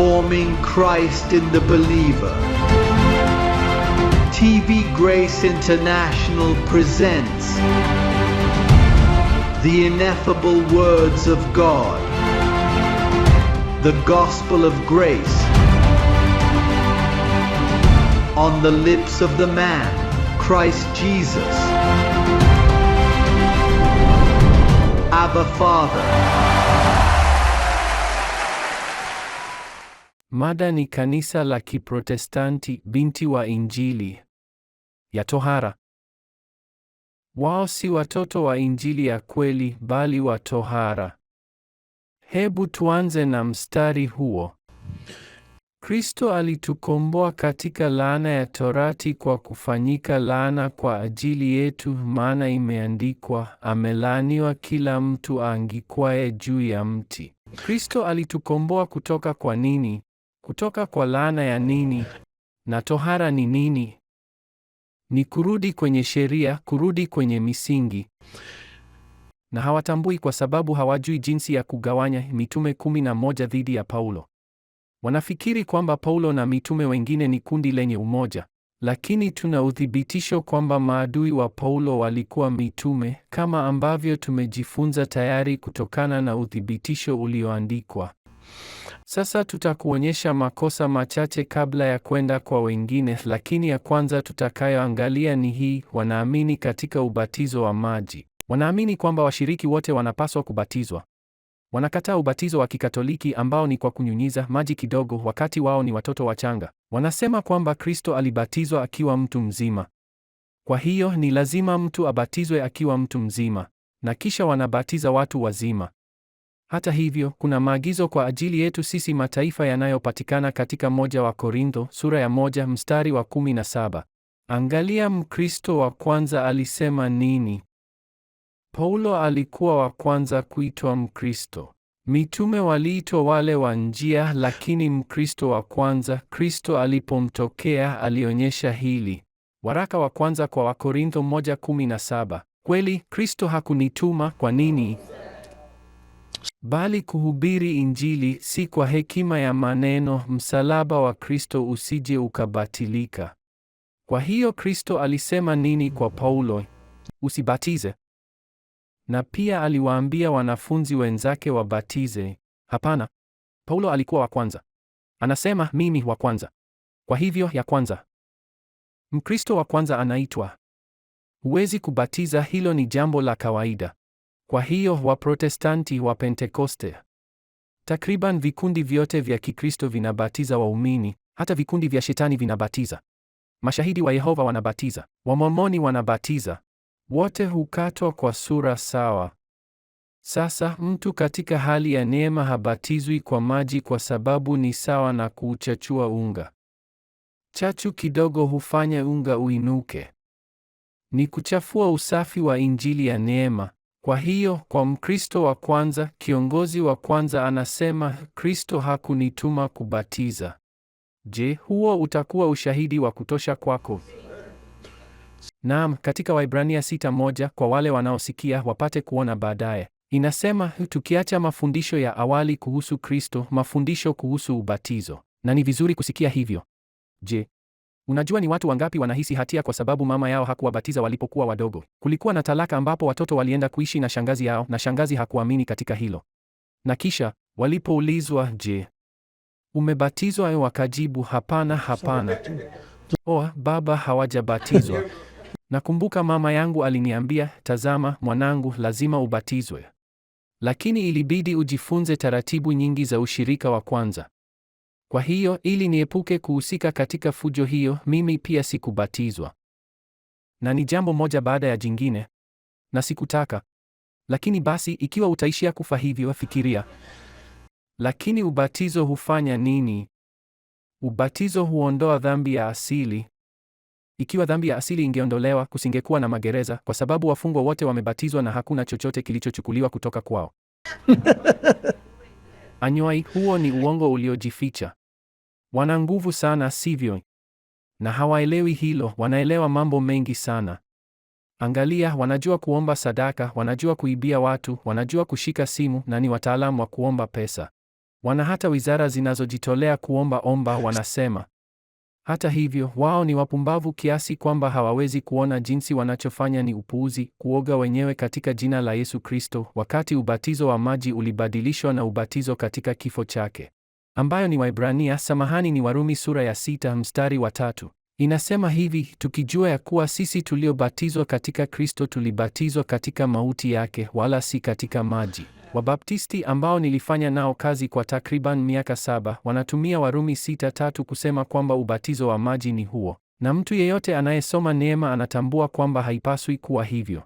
forming Christ in the believer. TV Grace International presents the ineffable words of God, the gospel of grace on the lips of the man, Christ Jesus. Abba Father. Mada ni kanisa la Kiprotestanti, binti wa Injili ya tohara. Wao si watoto wa Injili ya kweli, bali wa tohara. Hebu tuanze na mstari huo. Kristo alitukomboa katika laana ya Torati kwa kufanyika laana kwa ajili yetu, maana imeandikwa, amelaaniwa kila mtu aangikwaye juu ya mti. Kristo alitukomboa kutoka kwa nini? Kutoka kwa laana ya nini? Na tohara ni nini? Ni kurudi kwenye sheria, kurudi kwenye misingi. Na hawatambui kwa sababu hawajui jinsi ya kugawanya mitume kumi na moja dhidi ya Paulo. Wanafikiri kwamba Paulo na mitume wengine ni kundi lenye umoja, lakini tuna uthibitisho kwamba maadui wa Paulo walikuwa mitume, kama ambavyo tumejifunza tayari kutokana na uthibitisho ulioandikwa. Sasa tutakuonyesha makosa machache kabla ya kwenda kwa wengine, lakini ya kwanza tutakayoangalia ni hii: wanaamini katika ubatizo wa maji. Wanaamini kwamba washiriki wote wanapaswa kubatizwa. Wanakataa ubatizo wa Kikatoliki ambao ni kwa kunyunyiza maji kidogo wakati wao ni watoto wachanga. Wanasema kwamba Kristo alibatizwa akiwa mtu mzima, kwa hiyo ni lazima mtu abatizwe akiwa mtu mzima, na kisha wanabatiza watu wazima. Hata hivyo, kuna maagizo kwa ajili yetu sisi mataifa yanayopatikana katika moja wa Korintho sura ya moja mstari wa 17. Angalia Mkristo wa kwanza alisema nini? Paulo alikuwa wa kwanza kuitwa Mkristo. Mitume waliitwa wale wa njia, lakini Mkristo wa kwanza, Kristo alipomtokea alionyesha hili. Waraka wa kwanza kwa Wakorintho 1:17. Kweli Kristo hakunituma, kwa nini? bali kuhubiri Injili si kwa hekima ya maneno, msalaba wa Kristo usije ukabatilika. Kwa hiyo Kristo alisema nini kwa Paulo? Usibatize. Na pia aliwaambia wanafunzi wenzake wabatize? Hapana. Paulo alikuwa wa kwanza. Anasema mimi wa kwanza. Kwa hivyo ya kwanza. Mkristo wa kwanza anaitwa. Huwezi kubatiza, hilo ni jambo la kawaida. Kwa hiyo Waprotestanti wa Pentekoste, takriban vikundi vyote vya Kikristo vinabatiza waumini, hata vikundi vya shetani vinabatiza. Mashahidi wa Yehova wanabatiza, Wamormoni wanabatiza, wote hukatwa kwa sura sawa. Sasa mtu katika hali ya neema habatizwi kwa maji kwa sababu ni sawa na kuuchachua unga. Chachu kidogo hufanya unga uinuke. Ni kuchafua usafi wa injili ya neema. Kwa hiyo kwa Mkristo wa kwanza, kiongozi wa kwanza anasema, Kristo hakunituma kubatiza. Je, huo utakuwa ushahidi wa kutosha kwako? Naam, katika Waibrania 6:1 kwa wale wanaosikia wapate kuona baadaye. Inasema, tukiacha mafundisho ya awali kuhusu Kristo, mafundisho kuhusu ubatizo. Na ni vizuri kusikia hivyo. Je, Unajua ni watu wangapi wanahisi hatia kwa sababu mama yao hakuwabatiza walipokuwa wadogo? Kulikuwa na talaka ambapo watoto walienda kuishi na shangazi yao na shangazi hakuamini katika hilo. Na kisha walipoulizwa, je, umebatizwa? Wakajibu, hapana, hapana. Oa, baba, hawajabatizwa. Nakumbuka mama yangu aliniambia, tazama mwanangu, lazima ubatizwe, lakini ilibidi ujifunze taratibu nyingi za ushirika wa kwanza. Kwa hiyo ili niepuke kuhusika katika fujo hiyo, mimi pia sikubatizwa. Na ni jambo moja baada ya jingine, na sikutaka. Lakini basi, ikiwa utaishia kufa hivyo, fikiria. Lakini ubatizo hufanya nini? Ubatizo huondoa dhambi ya asili. Ikiwa dhambi ya asili ingeondolewa, kusingekuwa na magereza, kwa sababu wafungwa wote wamebatizwa na hakuna chochote kilichochukuliwa kutoka kwao. Anyway, huo ni uongo uliojificha. Wana nguvu sana, sivyo? Na hawaelewi hilo, wanaelewa mambo mengi sana. Angalia, wanajua kuomba sadaka, wanajua kuibia watu, wanajua kushika simu na ni wataalamu wa kuomba pesa. Wana hata wizara zinazojitolea kuomba omba, wanasema. Hata hivyo, wao ni wapumbavu kiasi kwamba hawawezi kuona jinsi wanachofanya ni upuuzi, kuoga wenyewe katika jina la Yesu Kristo, wakati ubatizo wa maji ulibadilishwa na ubatizo katika kifo chake, ambayo ni Waibrania, samahani, ni Warumi sura ya sita mstari wa tatu. Inasema hivi, tukijua ya kuwa sisi tuliobatizwa katika Kristo tulibatizwa katika mauti yake, wala si katika maji. Wabaptisti ambao nilifanya nao kazi kwa takriban miaka saba wanatumia Warumi 6:3 kusema kwamba ubatizo wa maji ni huo, na mtu yeyote anayesoma neema anatambua kwamba haipaswi kuwa hivyo.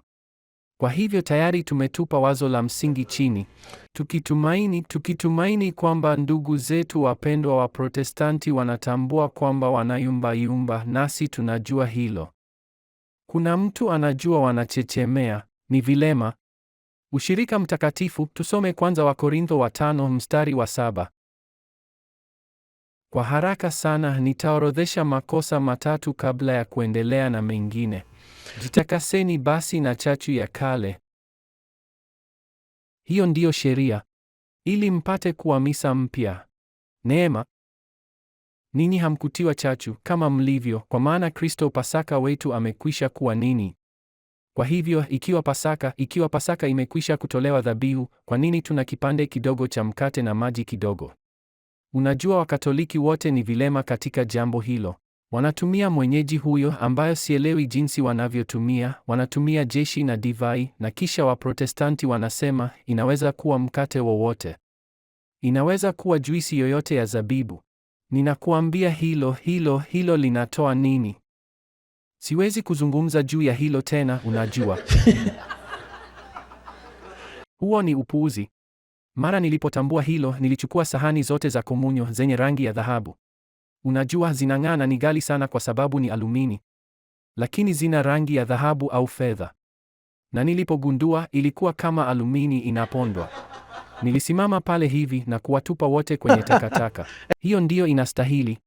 Kwa hivyo tayari tumetupa wazo la msingi chini, tukitumaini tukitumaini kwamba ndugu zetu wapendwa wa Protestanti wanatambua kwamba wanayumba-yumba, nasi tunajua hilo. Kuna mtu anajua wanachechemea, ni vilema, Ushirika mtakatifu, tusome kwanza Korintho wa tano mstari wa saba. Kwa haraka sana nitaorodhesha makosa matatu kabla ya kuendelea na mengine. Jitakaseni basi na chachu ya kale. Hiyo ndiyo sheria, ili mpate kuwa misa mpya, neema. nini hamkutiwa chachu kama mlivyo, kwa maana Kristo Pasaka wetu amekwisha kuwa nini? Kwa hivyo ikiwa Pasaka, ikiwa Pasaka imekwisha kutolewa dhabihu, kwa nini tuna kipande kidogo cha mkate na maji kidogo? Unajua Wakatoliki wote ni vilema katika jambo hilo. Wanatumia mwenyeji huyo ambayo sielewi jinsi wanavyotumia, wanatumia jeshi na divai na kisha Waprotestanti wanasema inaweza kuwa mkate wowote. Inaweza kuwa juisi yoyote ya zabibu. Ninakuambia hilo hilo hilo linatoa nini? Siwezi kuzungumza juu ya hilo tena, unajua. Huo ni upuuzi. Mara nilipotambua hilo, nilichukua sahani zote za komunyo zenye rangi ya dhahabu. Unajua zinang'aa na ni ghali sana kwa sababu ni alumini. Lakini zina rangi ya dhahabu au fedha. Na nilipogundua ilikuwa kama alumini inapondwa. Nilisimama pale hivi na kuwatupa wote kwenye takataka. Hiyo ndiyo inastahili.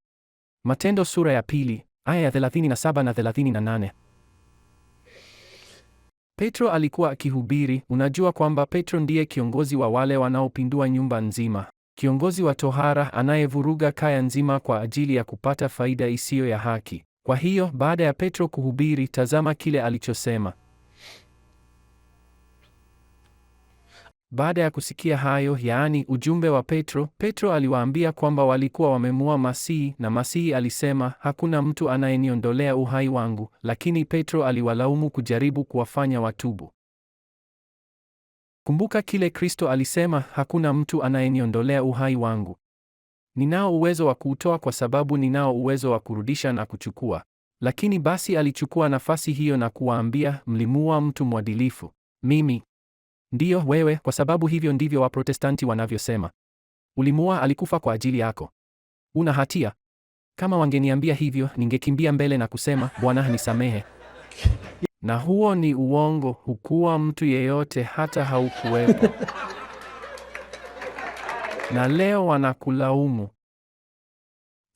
Matendo sura ya pili aya ya 37 na 38. Petro alikuwa akihubiri, unajua kwamba Petro ndiye kiongozi wa wale wanaopindua nyumba nzima, kiongozi wa tohara anayevuruga kaya nzima kwa ajili ya kupata faida isiyo ya haki. Kwa hiyo baada ya Petro kuhubiri, tazama kile alichosema. Baada ya kusikia hayo, yaani ujumbe wa Petro, Petro aliwaambia kwamba walikuwa wamemuua Masihi, na Masihi alisema, hakuna mtu anayeniondolea uhai wangu, lakini Petro aliwalaumu kujaribu kuwafanya watubu. Kumbuka kile Kristo alisema, hakuna mtu anayeniondolea uhai wangu. Ninao uwezo wa kuutoa kwa sababu ninao uwezo wa kurudisha na kuchukua. Lakini basi alichukua nafasi hiyo na kuwaambia, mlimuua mtu mwadilifu. Mimi Ndiyo wewe, kwa sababu hivyo ndivyo Waprotestanti wanavyosema. ulimua alikufa kwa ajili yako, una hatia. Kama wangeniambia hivyo, ningekimbia mbele na kusema Bwana nisamehe. Na huo ni uongo, hukuwa mtu yeyote, hata haukuwepo. Na leo wanakulaumu.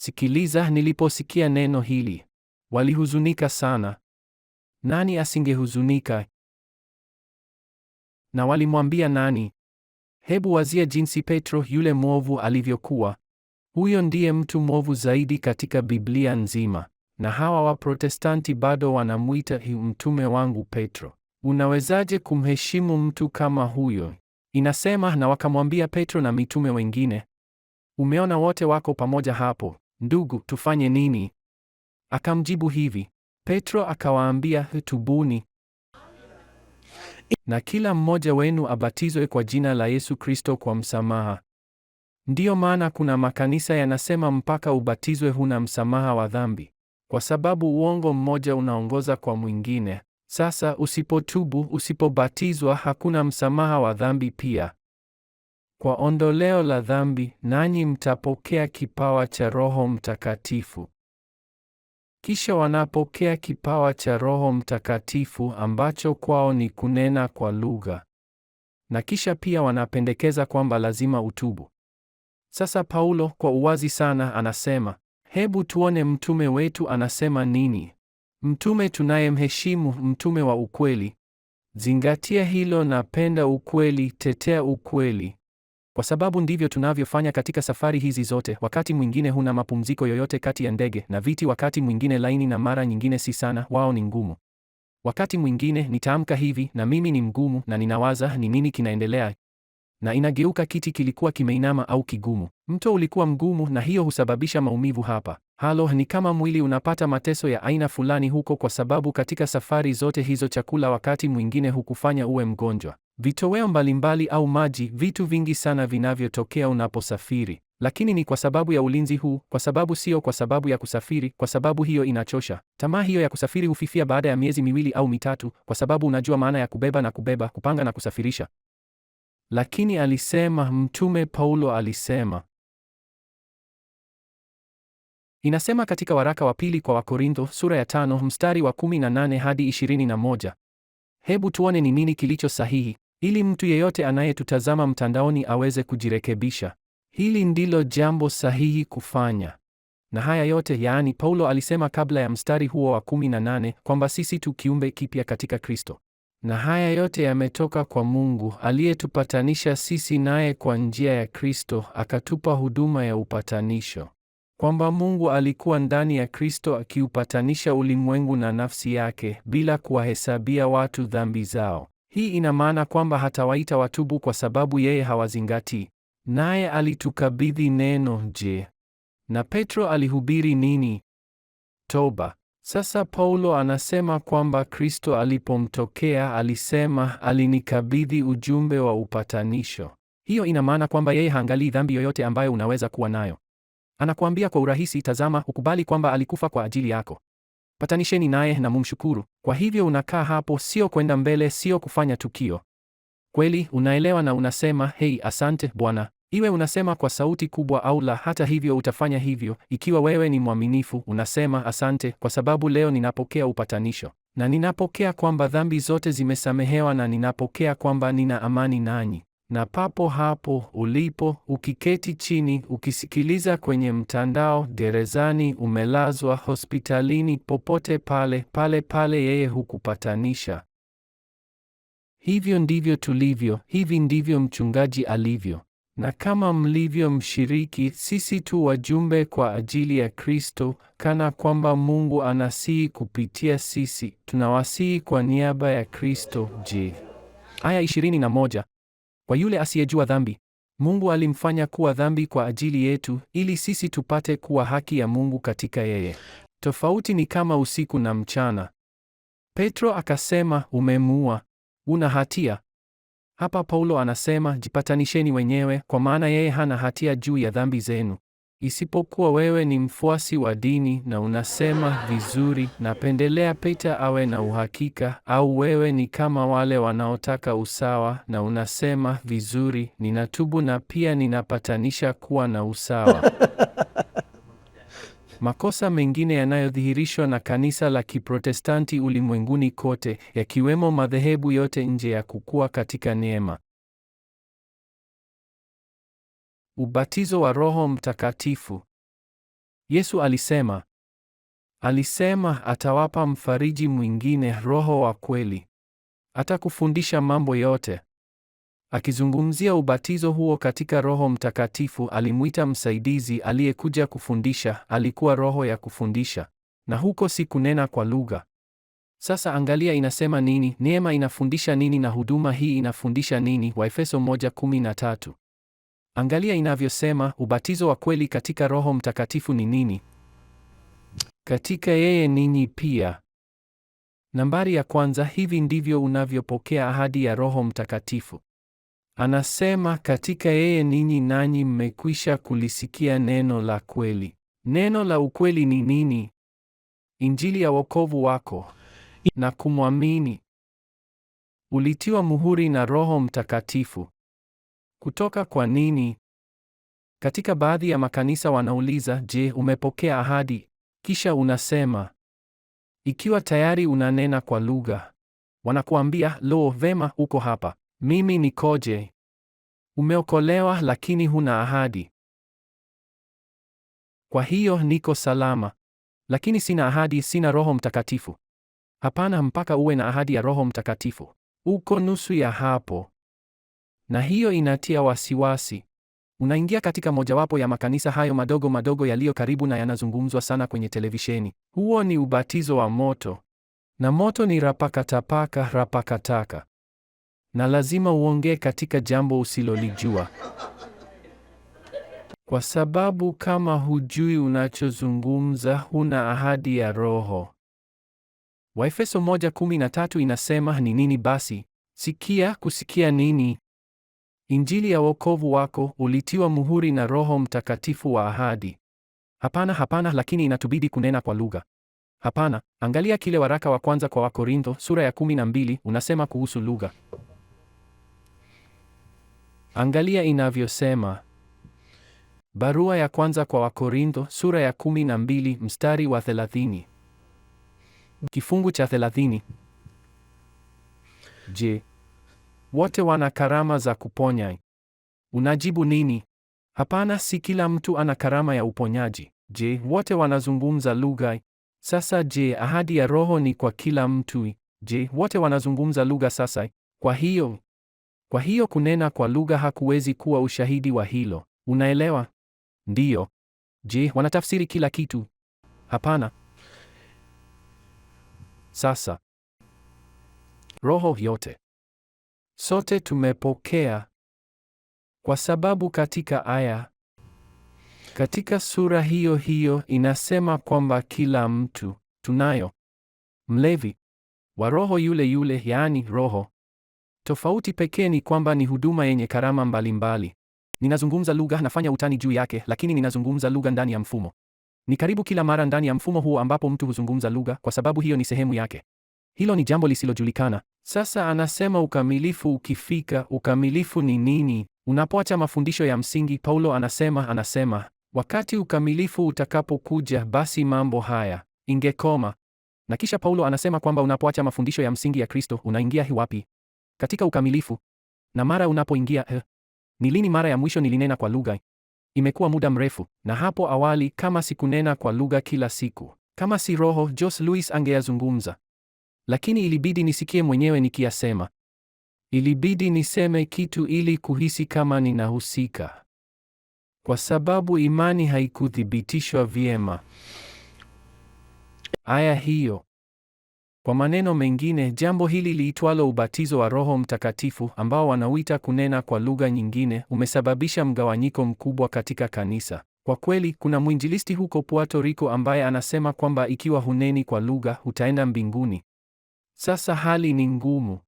Sikiliza, niliposikia neno hili walihuzunika sana. Nani asingehuzunika? Na walimwambia nani? Hebu wazia jinsi Petro yule mwovu alivyokuwa. Huyo ndiye mtu mwovu zaidi katika Biblia nzima, na hawa Waprotestanti bado wanamwita mtume wangu Petro. Unawezaje kumheshimu mtu kama huyo? Inasema, na wakamwambia Petro na mitume wengine, umeona wote wako pamoja hapo, ndugu, tufanye nini? Akamjibu hivi. Petro akawaambia, tubuni, na kila mmoja wenu abatizwe kwa jina la Yesu Kristo kwa msamaha. Ndiyo maana kuna makanisa yanasema mpaka ubatizwe huna msamaha wa dhambi, kwa sababu uongo mmoja unaongoza kwa mwingine. Sasa usipotubu, usipobatizwa, hakuna msamaha wa dhambi pia. Kwa ondoleo la dhambi, nanyi mtapokea kipawa cha Roho Mtakatifu. Kisha wanapokea kipawa cha Roho Mtakatifu ambacho kwao ni kunena kwa lugha. Na kisha pia wanapendekeza kwamba lazima utubu. Sasa Paulo kwa uwazi sana anasema, hebu tuone mtume wetu anasema nini. Mtume tunayemheshimu, mtume wa ukweli. Zingatia hilo, napenda ukweli, tetea ukweli. Kwa sababu ndivyo tunavyofanya katika safari hizi zote. Wakati mwingine huna mapumziko yoyote kati ya ndege na viti, wakati mwingine laini, na mara nyingine si sana, wao ni ngumu. Wakati mwingine nitaamka hivi na mimi ni mgumu, na ninawaza ni nini kinaendelea, na inageuka, kiti kilikuwa kimeinama au kigumu, mto ulikuwa mgumu, na hiyo husababisha maumivu hapa. Halo, ni kama mwili unapata mateso ya aina fulani huko, kwa sababu katika safari zote hizo chakula wakati mwingine hukufanya uwe mgonjwa. Vitoweo mbalimbali au maji, vitu vingi sana vinavyotokea unaposafiri. Lakini ni kwa sababu ya ulinzi huu, kwa sababu sio kwa sababu ya kusafiri, kwa sababu hiyo inachosha. Tamaa hiyo ya kusafiri hufifia baada ya miezi miwili au mitatu, kwa sababu unajua maana ya kubeba na kubeba, kupanga na kusafirisha. Lakini alisema, Mtume Paulo alisema, inasema katika waraka wa pili kwa Wakorintho sura ya tano mstari wa 18 hadi 21. Hebu tuone ni nini kilicho sahihi ili mtu yeyote anayetutazama mtandaoni aweze kujirekebisha. Hili ndilo jambo sahihi kufanya. Na haya yote yaani, Paulo alisema kabla ya mstari huo wa 18 kwamba sisi tu kiumbe kipya katika Kristo, na haya yote yametoka kwa Mungu aliyetupatanisha sisi naye kwa njia ya Kristo, akatupa huduma ya upatanisho, kwamba Mungu alikuwa ndani ya Kristo akiupatanisha ulimwengu na nafsi yake, bila kuwahesabia watu dhambi zao. Hii ina maana kwamba hatawaita watubu kwa sababu yeye hawazingatii. Naye alitukabidhi neno. Je, na Petro alihubiri nini? Toba. Sasa Paulo anasema kwamba Kristo alipomtokea alisema, alinikabidhi ujumbe wa upatanisho. Hiyo ina maana kwamba yeye haangalii dhambi yoyote ambayo unaweza kuwa nayo. Anakuambia kwa urahisi, tazama, ukubali kwamba alikufa kwa ajili yako patanisheni naye na mumshukuru. Kwa hivyo unakaa hapo, sio kwenda mbele, sio kufanya tukio. Kweli unaelewa na unasema hei, asante Bwana. Iwe unasema kwa sauti kubwa au la, hata hivyo utafanya hivyo. Ikiwa wewe ni mwaminifu, unasema asante, kwa sababu leo ninapokea upatanisho na ninapokea kwamba dhambi zote zimesamehewa na ninapokea kwamba nina amani nanyi na papo hapo ulipo, ukiketi chini, ukisikiliza kwenye mtandao, gerezani, umelazwa hospitalini, popote pale pale pale, yeye hukupatanisha. Hivyo ndivyo tulivyo, hivi ndivyo mchungaji alivyo. Na kama mlivyo mshiriki, sisi tu wajumbe kwa ajili ya Kristo, kana kwamba Mungu anasihi kupitia sisi, tunawasihi kwa niaba ya Kristo. Je, aya 21. Kwa yule asiyejua dhambi, Mungu alimfanya kuwa dhambi kwa ajili yetu ili sisi tupate kuwa haki ya Mungu katika yeye. Tofauti ni kama usiku na mchana. Petro akasema, umemuua, una hatia. Hapa Paulo anasema, jipatanisheni wenyewe, kwa maana yeye hana hatia juu ya dhambi zenu. Isipokuwa wewe ni mfuasi wa dini na unasema vizuri, napendelea Peter awe na uhakika, au wewe ni kama wale wanaotaka usawa na unasema vizuri, ninatubu na pia ninapatanisha kuwa na usawa. Makosa mengine yanayodhihirishwa na kanisa la Kiprotestanti ulimwenguni kote, yakiwemo madhehebu yote nje ya kukua katika neema Ubatizo wa Roho Mtakatifu. Yesu alisema alisema atawapa mfariji mwingine, Roho wa kweli, atakufundisha mambo yote. Akizungumzia ubatizo huo katika Roho Mtakatifu, alimwita msaidizi aliyekuja kufundisha, alikuwa roho ya kufundisha, na huko si kunena kwa lugha. Sasa angalia inasema nini, neema inafundisha nini na huduma hii inafundisha nini? Waefeso 1:13. Angalia inavyosema ubatizo wa kweli katika Roho Mtakatifu ni nini? Katika yeye ninyi pia. Nambari ya kwanza, hivi ndivyo unavyopokea ahadi ya Roho Mtakatifu. Anasema katika yeye ninyi nanyi mmekwisha kulisikia neno la kweli. Neno la ukweli ni nini? Injili ya wokovu wako na kumwamini. Ulitiwa muhuri na Roho Mtakatifu. Kutoka kwa nini? Katika baadhi ya makanisa wanauliza, "Je, umepokea ahadi?" Kisha unasema, "Ikiwa tayari unanena kwa lugha." Wanakuambia, "Lo, vema, uko hapa. Mimi nikoje?" Umeokolewa lakini huna ahadi. Kwa hiyo niko salama, lakini sina ahadi, sina Roho Mtakatifu. Hapana, mpaka uwe na ahadi ya Roho Mtakatifu. Uko nusu ya hapo na hiyo inatia wasiwasi. Unaingia katika mojawapo ya makanisa hayo madogo madogo yaliyo karibu na yanazungumzwa sana kwenye televisheni. Huo ni ubatizo wa moto, na moto ni rapakatapaka rapakataka, na lazima uongee katika jambo usilolijua, kwa sababu kama hujui unachozungumza, huna ahadi ya Roho. Waefeso 1:13 inasema ni nini basi? Sikia kusikia nini? Injili ya wokovu wako ulitiwa muhuri na Roho Mtakatifu wa ahadi. Hapana, hapana, lakini inatubidi kunena kwa lugha. Hapana, angalia kile waraka wa kwanza kwa Wakorintho sura ya 12 unasema kuhusu lugha. Angalia inavyosema. Barua ya kwanza kwa Wakorintho sura ya 12 mstari wa 30. Kifungu cha 30. Je, wote wana karama za kuponya. Unajibu nini? Hapana, si kila mtu ana karama ya uponyaji. Je, wote wanazungumza lugha? Sasa je, ahadi ya Roho ni kwa kila mtu? Je, wote wanazungumza lugha sasa? Kwa hiyo kwa hiyo kunena kwa lugha hakuwezi kuwa ushahidi wa hilo. Unaelewa? Ndiyo. Je, wanatafsiri kila kitu? Hapana. Sasa Roho yote Sote tumepokea. Kwa sababu katika aya katika sura hiyo hiyo inasema kwamba kila mtu tunayo mlevi wa roho yule yule, yaani Roho. Tofauti pekee ni kwamba ni huduma yenye karama mbalimbali. Ninazungumza lugha, nafanya utani juu yake, lakini ninazungumza lugha ndani ya mfumo. Ni karibu kila mara ndani ya mfumo huo ambapo mtu huzungumza lugha, kwa sababu hiyo ni sehemu yake. Hilo ni jambo lisilojulikana. Sasa anasema ukamilifu ukifika, ukamilifu ni nini? Unapoacha mafundisho ya msingi, Paulo anasema anasema wakati ukamilifu utakapokuja, basi mambo haya ingekoma. Na kisha Paulo anasema kwamba unapoacha mafundisho ya msingi ya Kristo, unaingia hiwapi? Katika ukamilifu. Na mara unapoingia eh, ni lini mara ya mwisho nilinena kwa lugha? Imekuwa muda mrefu. Na hapo awali, kama sikunena kwa lugha kila siku, kama si Roho Jose Luis angeyazungumza lakini ilibidi nisikie mwenyewe nikiyasema. Ilibidi niseme kitu ili kuhisi kama ninahusika, kwa sababu imani haikuthibitishwa vyema. Aya hiyo. Kwa maneno mengine, jambo hili liitwalo ubatizo wa Roho Mtakatifu, ambao wanauita kunena kwa lugha nyingine, umesababisha mgawanyiko mkubwa katika kanisa. Kwa kweli, kuna mwinjilisti huko Puerto Rico ambaye anasema kwamba ikiwa huneni kwa lugha, hutaenda mbinguni, sasa hali ni ngumu.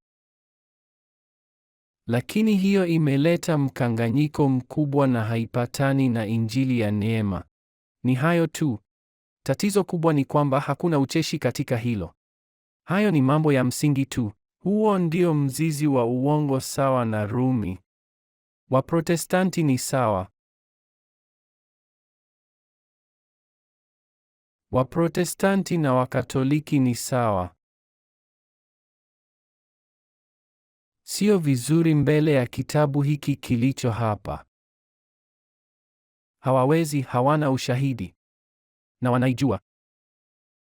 Lakini hiyo imeleta mkanganyiko mkubwa na haipatani na injili ya neema. Ni hayo tu. Tatizo kubwa ni kwamba hakuna ucheshi katika hilo. Hayo ni mambo ya msingi tu. Huo ndio mzizi wa uongo sawa na Rumi. Waprotestanti ni sawa. Waprotestanti na Wakatoliki ni sawa. sio vizuri mbele ya kitabu hiki kilicho hapa. Hawawezi, hawana ushahidi na wanaijua,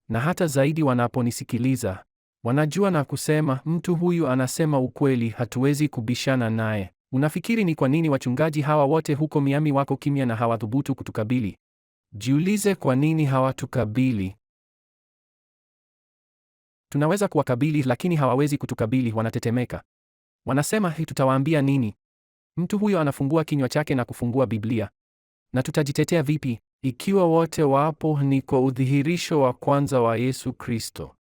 na hata zaidi, wanaponisikiliza wanajua na kusema, mtu huyu anasema ukweli, hatuwezi kubishana naye. Unafikiri ni kwa nini wachungaji hawa wote huko Miami wako kimya na hawathubutu kutukabili? Jiulize, kwa nini hawatukabili? Tunaweza kuwakabili, lakini hawawezi kutukabili, wanatetemeka. Wanasema hii, tutawaambia nini? Mtu huyo anafungua kinywa chake na kufungua Biblia. Na tutajitetea vipi ikiwa wote wapo? Ni kwa udhihirisho wa kwanza wa Yesu Kristo.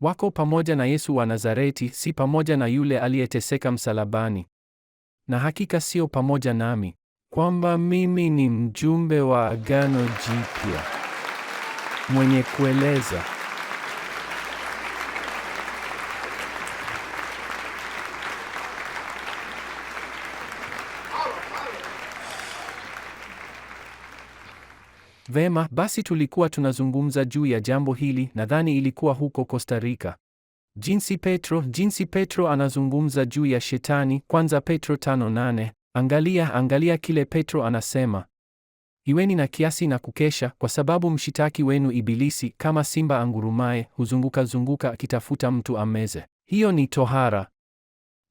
Wako pamoja na Yesu wa Nazareti, si pamoja na yule aliyeteseka msalabani. Na hakika sio pamoja nami, kwamba mimi ni mjumbe wa agano jipya mwenye kueleza Vema, basi tulikuwa tunazungumza juu ya jambo hili, nadhani ilikuwa huko Costa Rica. Jinsi Petro, jinsi Petro anazungumza juu ya shetani, kwanza Petro nane. Angalia, angalia kile Petro anasema. Iweni na kiasi na kukesha, kwa sababu mshitaki wenu Ibilisi kama simba angurumaye huzunguka zunguka akitafuta mtu ameze. Hiyo ni tohara.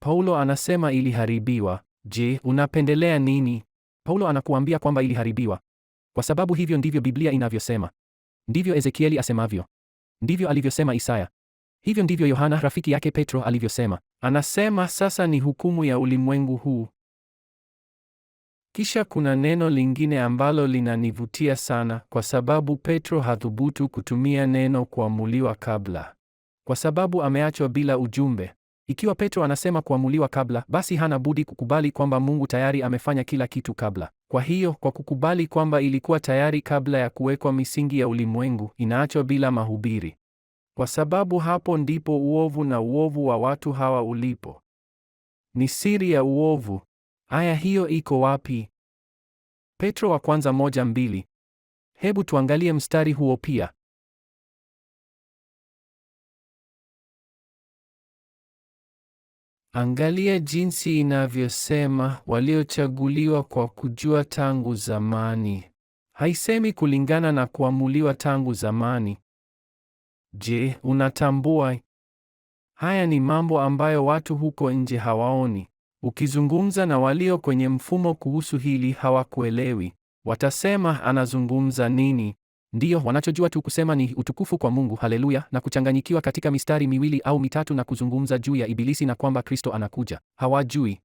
Paulo anasema iliharibiwa. Je, unapendelea nini? Paulo anakuambia kwamba iliharibiwa. Kwa sababu hivyo ndivyo Biblia inavyosema. Ndivyo Ezekieli asemavyo. Ndivyo alivyosema Isaya. Hivyo ndivyo Yohana rafiki yake Petro alivyosema. Anasema sasa ni hukumu ya ulimwengu huu. Kisha kuna neno lingine ambalo linanivutia sana kwa sababu Petro hathubutu kutumia neno kuamuliwa kabla. Kwa sababu ameachwa bila ujumbe. Ikiwa Petro anasema kuamuliwa kabla, basi hana budi kukubali kwamba Mungu tayari amefanya kila kitu kabla. Kwa hiyo kwa kukubali kwamba ilikuwa tayari kabla ya kuwekwa misingi ya ulimwengu, inaachwa bila mahubiri, kwa sababu hapo ndipo uovu na uovu wa watu hawa ulipo. Ni siri ya uovu. Aya hiyo iko wapi? Petro wa kwanza moja mbili. Hebu tuangalie mstari huo pia. Angalia jinsi inavyosema waliochaguliwa kwa kujua tangu zamani. Haisemi kulingana na kuamuliwa tangu zamani. Je, unatambua? Haya ni mambo ambayo watu huko nje hawaoni. Ukizungumza na walio kwenye mfumo kuhusu hili hawakuelewi. Watasema anazungumza nini? Ndiyo, wanachojua tu kusema ni utukufu kwa Mungu, haleluya, na kuchanganyikiwa katika mistari miwili au mitatu na kuzungumza juu ya Ibilisi na kwamba Kristo anakuja. Hawajui.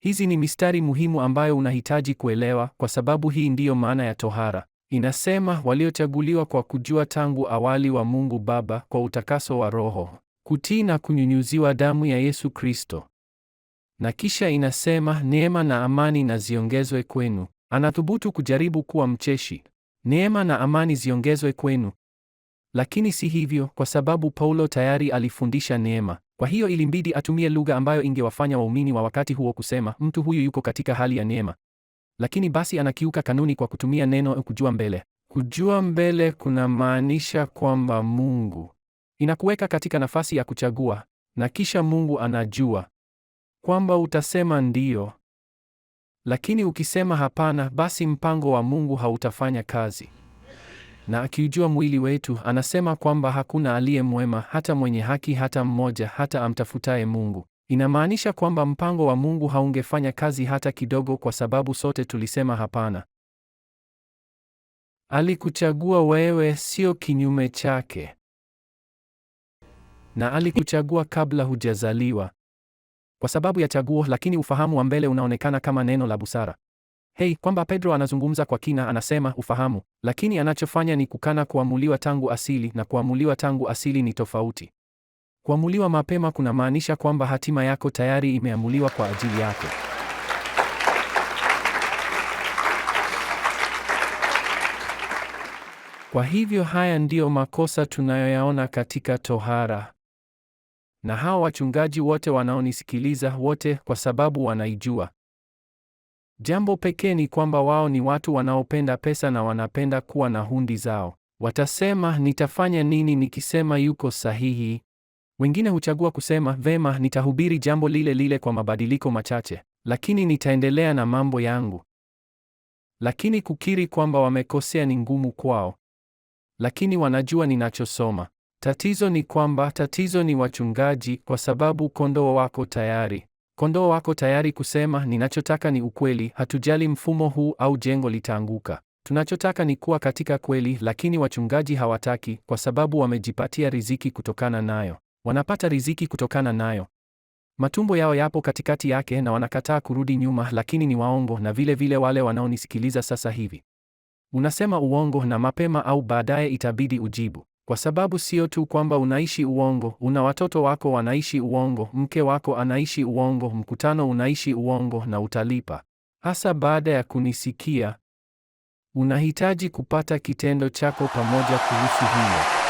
Hizi ni mistari muhimu ambayo unahitaji kuelewa, kwa sababu hii ndiyo maana ya tohara. Inasema waliochaguliwa kwa kujua tangu awali wa Mungu Baba kwa utakaso wa Roho, kutii na kunyunyuziwa damu ya Yesu Kristo. Na kisha inasema neema na amani na ziongezwe kwenu. Anathubutu kujaribu kuwa mcheshi. Neema na amani ziongezwe kwenu. Lakini si hivyo, kwa sababu Paulo tayari alifundisha neema. Kwa hiyo ilimbidi atumie lugha ambayo ingewafanya waumini wa wakati huo kusema, mtu huyu yuko katika hali ya neema. Lakini basi anakiuka kanuni kwa kutumia neno kujua mbele. Kujua mbele kunamaanisha kwamba Mungu inakuweka katika nafasi ya kuchagua, na kisha Mungu anajua kwamba utasema ndiyo lakini ukisema hapana, basi mpango wa Mungu hautafanya kazi. Na akiujua mwili wetu, anasema kwamba hakuna aliye mwema, hata mwenye haki, hata mmoja, hata amtafutaye Mungu. Inamaanisha kwamba mpango wa Mungu haungefanya kazi hata kidogo, kwa sababu sote tulisema hapana. Alikuchagua wewe, sio kinyume chake, na alikuchagua kabla hujazaliwa kwa sababu ya chaguo, lakini ufahamu wa mbele unaonekana kama neno la busara. Hei, kwamba Pedro anazungumza kwa kina, anasema ufahamu, lakini anachofanya ni kukana kuamuliwa tangu asili, na kuamuliwa tangu asili ni tofauti. Kuamuliwa mapema kunamaanisha kwamba hatima yako tayari imeamuliwa kwa ajili yako. Kwa hivyo haya ndiyo makosa tunayoyaona katika tohara na hao wachungaji wote wanaonisikiliza wote, kwa sababu wanaijua. Jambo pekee ni kwamba wao ni watu wanaopenda pesa na wanapenda kuwa na hundi zao. Watasema, nitafanya nini nikisema yuko sahihi? Wengine huchagua kusema, vema, nitahubiri jambo lile lile kwa mabadiliko machache, lakini nitaendelea na mambo yangu. Lakini kukiri kwamba wamekosea ni ngumu kwao. Lakini wanajua ninachosoma. Tatizo ni kwamba tatizo ni wachungaji, kwa sababu kondoo wako tayari kondoo wako tayari kusema, ninachotaka ni ukweli, hatujali mfumo huu au jengo litaanguka. Tunachotaka ni kuwa katika kweli, lakini wachungaji hawataki, kwa sababu wamejipatia riziki kutokana nayo, wanapata riziki kutokana nayo. Matumbo yao yapo katikati yake na wanakataa kurudi nyuma, lakini ni waongo, na vile vile wale wanaonisikiliza sasa hivi. Unasema uongo na mapema au baadaye itabidi ujibu. Kwa sababu sio tu kwamba unaishi uongo, una watoto wako wanaishi uongo, mke wako anaishi uongo, mkutano unaishi uongo na utalipa. Hasa baada ya kunisikia. Unahitaji kupata kitendo chako pamoja kuhusu hilo.